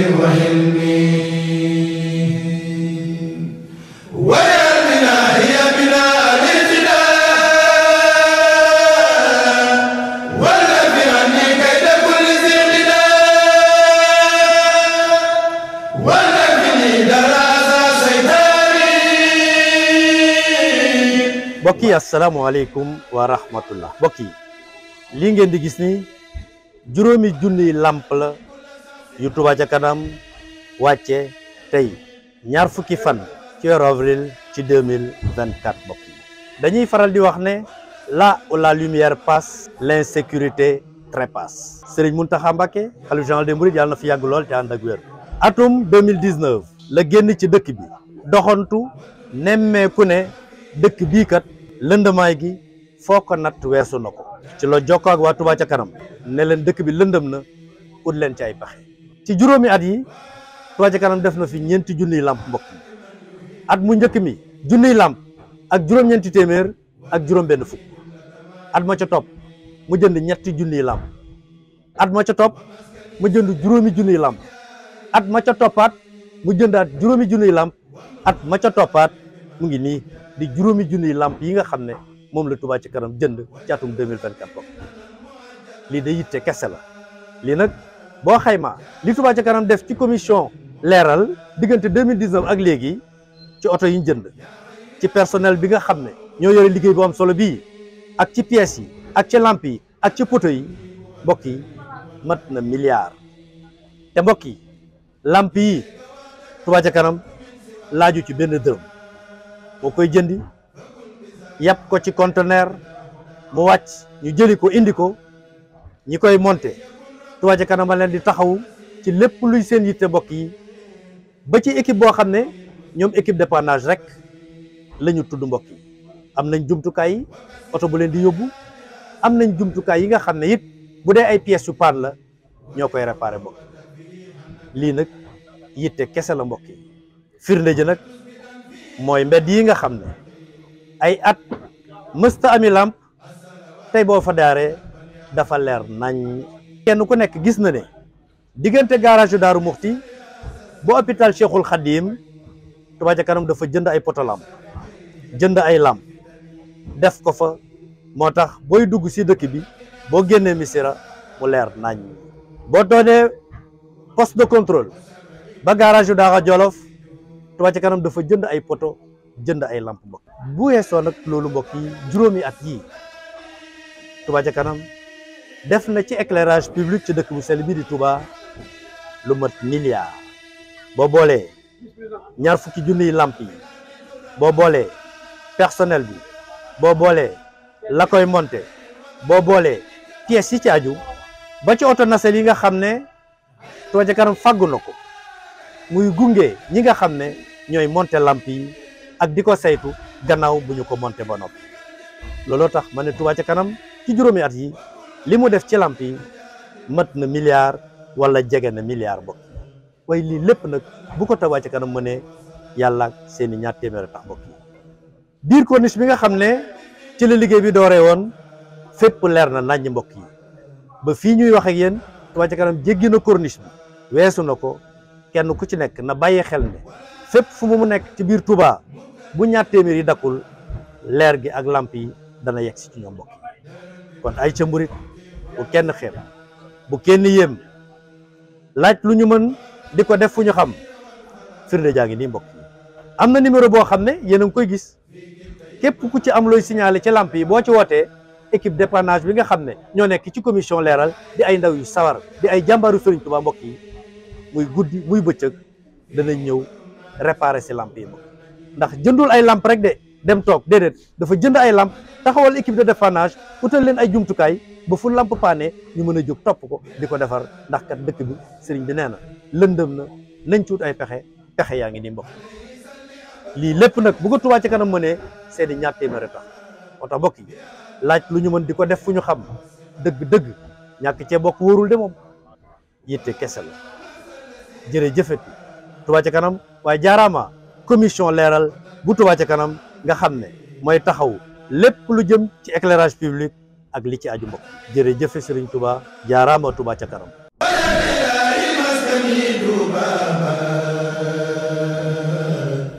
mbokk yi asalaamaaleykum wa rahmatullah mbokk yi lii ngeen di gis ni juróomi junniy làmp la yu Touba ca kanam wàcce tey ñaar fukki fan ci weeru avril ci 2024 mbokk yi dañuy faral di wax ne la où la lumière passe l'insécurité trépasse Serigne Mountakha Mbacké khalife général des mourides yàlla na fi yàgg lool te ànd ak wér atum 2019 la génn ci dëkk bi doxantu nemmeeku ne dëkk bii kat lëndëmaay gi foo ko natt weesu na ko ci la jokkoo ak waa Touba ca kanam ne leen dëkk bi lëndëm na ut leen ci ay pexe ci juróomi at yi Touba Ca def na fi ñeenti junniy làmp mbok at mu njëkk mi junniy làmp ak juróom-ñeenti téeméer ak juróom-benn fukk at ma ca topp mu jënd ñetti junniy làmp at ma ca topp mu jënd juróomi junniy làmp at ma ca toppaat mu jëndaat juróomi junniy làmp at ma ca toppaat mu ngi nii di juróomi junniy làmp yi nga xam ne moom la Touba Ca Kanam jënd ci atum 2024 bokk lii da yitte kese la lii nag boo xayma li Touba ca kanam def ci commission leeral diggante 2019 ak léegi ci oto yi ñu jënd ci personnel bi nga xam ne ñoo yore liggéey bu am solo bii ak ci pièces yi ak ci lamp yi ak ci poto yi mbokk yi mat na milliard te mbokk yi lamp yi Touba ca kanam laaju ci benn dërëm moo koy jëndi yàpp ko ci conteneur mu wàcc ñu jëli ko indi ko ñi koy monter Touba ca kanam leen di taxaw ci lépp luy seen yitte mbokk yi ba ci équipe boo xam ne ñoom équipe dépannage rek lañu tudd mbokk yi am nañ jumtukaay yi oto bu leen di yóbbu am nañ jumtukaay yi nga xam ne it bu dee ay pièces yu paan la ñoo koy réparé mbokk lii nag yitte kese la mbokk yi firnde ji nag mooy mbedd yi nga xam ne ay at mësta ami làmp tey boo fa daaree dafa leer nañ kenn ku nekk gis na ne diggante garage Daaru Muxti ba hôpital Cheikhul Khadim Touba ca kanam dafa jënd ay poto lamp jënd ay lamp def ko fa moo tax booy dugg si dëkk bi boo génnee misira mu leer nañ boo doonee post de contrôle ba garage Daara Jolof Touba kanam dafa jënd ay poto jënd ay lamp mbokk bu weesoo nag loolu mbokk yi juróomi at yii Touba kanam def na ci éclairage public ci dëkk bu sell bii di Touba lu mat milliard boo boolee ñaar fukki junniy làmp yi boo boolee personnel bi boo boolee la koy monté boo boolee pièces yi ci aju ba ci oto nasel yi nga xam ne Touba ca kanam fàggu na ko muy gunge ñi nga xam ne ñooy monte làmp yi ak di ko saytu gannaaw bu ñu ko monté ba noppi looloo tax ma ne Touba ca kanam ci juróomi at yi li mu def ci làmp yi mat na milliar wala jege na milliard bokk waaye lii lépp nag bu ko Touba ca kanam mu ne yàlla seen i ñaar téeméer tax bokk biir corniche bi nga xam ne ci la liggéey bi dooree woon fépp leer na naññ mbokk yi ba fii ñuy wax ak yéen Touba ca kanam jéggi na corniche bi weesu na ko kenn ku ci nekk na bàyyi xel ne fépp fu mu nekk ci biir Touba bu ñaar téeméer yi dakkul leer gi ak làmp yi dana yegg si ci ñoom mbokk yi kon ay bu kenn xeeb bu kenn yéem laaj lu ñu mën di ko def fu ñu xam firnde jaa ngi nii mbokk am na numéro boo xam ne yéen a ngi koy gis képp ku ci am looy signalé ci làmp yi boo ci wootee équipe dépannage bi nga xam ne ñoo nekk ci commission leeral di ay ndaw yu sawar di ay jàmbaaru Sëriñ Tuubaa mbokk yi muy guddi muy bëccëg danañ ñëw réparer si lamp yi mbokk ndax jëndul ay làmp rek de dem toog déedéet dafa jënd ay lamp taxawal équipe de dépannage utal leen ay jumtukaay ba fu lamp paane ñu mën a jóg topp ko di ko defar ndax kat dëkk bi sëriñ bi nee na lëndëm na nañ ci ay pexe pexe yaa ngi nii mbokk lii lépp nag bu ko Touba ci kanam mënee seeni ñaar téeméeri tax moo tax mbokk laaj lu ñu mën di ko def fu ñu xam dëgg-dëgg ñàkk cee bokk wóorul de moom yitte kese la jërëjëfati Touba ca kanam waaye jaaraama commission leeral bu Touba kanam nga xam ne mooy taxaw lépp lu jëm ci éclairage public ak li ci aju mbokk jërëjëf Serigne Touba jaaraama Touba ca kanam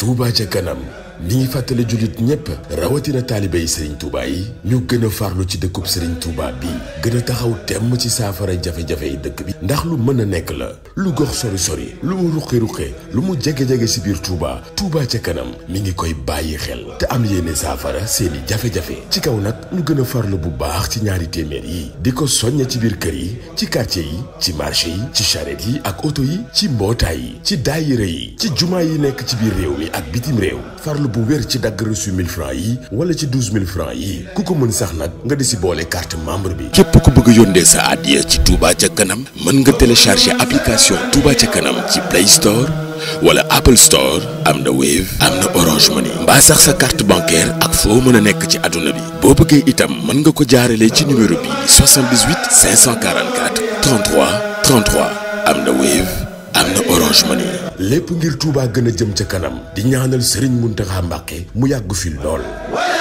Touba ca kanam ñi ngi fàttali jullit ñépp rawatina taalibe yi sëriñ Touba yi ñu gën a farlu ci dëkku Serigne Touba bi gën a taxaw temm ci saafara jafe-jafe yi dëkk bi ndax lu mën a nekk la lu gox sori sori lu mu ruqi-ruqe lu mu jege-jege si biir Touba Touba ca kanam mi ngi koy bàyyi xel te am yéene saafara seeni jafe-jafe ci kaw nag ñu gën a farlu bu baax ci ñaari téeméer yi di ko soñña ci biir kër yi ci quartier yi ci marché yi ci charrette yi ak oto yi ci mbootaay yi ci daayira yi ci jumaa yi nekk ci biir réew mi ak bitim réew bu wér ci dagg reçu 1000 francs yi wala ci 12000 francs yi ku ko mën sax nag nga di si boole carte membre bi. képp ku bëgg a yónnee sa adiya ci Touba ca kanam mën nga télécharger application Touba ca kanam ci Play Store wala Apple Store am na Wave am na Orange Money mbaa sax sa carte bancaire ak foo mën a nekk ci àdduna bi boo bëggee itam mën nga ko jaaralee ci numéro bi 78 544 33 33 am na Wave. am na orange money lépp ngir tuubaa gën a jëm ca kanam di ñaanal sëriñ Serigne Mountakha Mbacké mu yàgg fi lool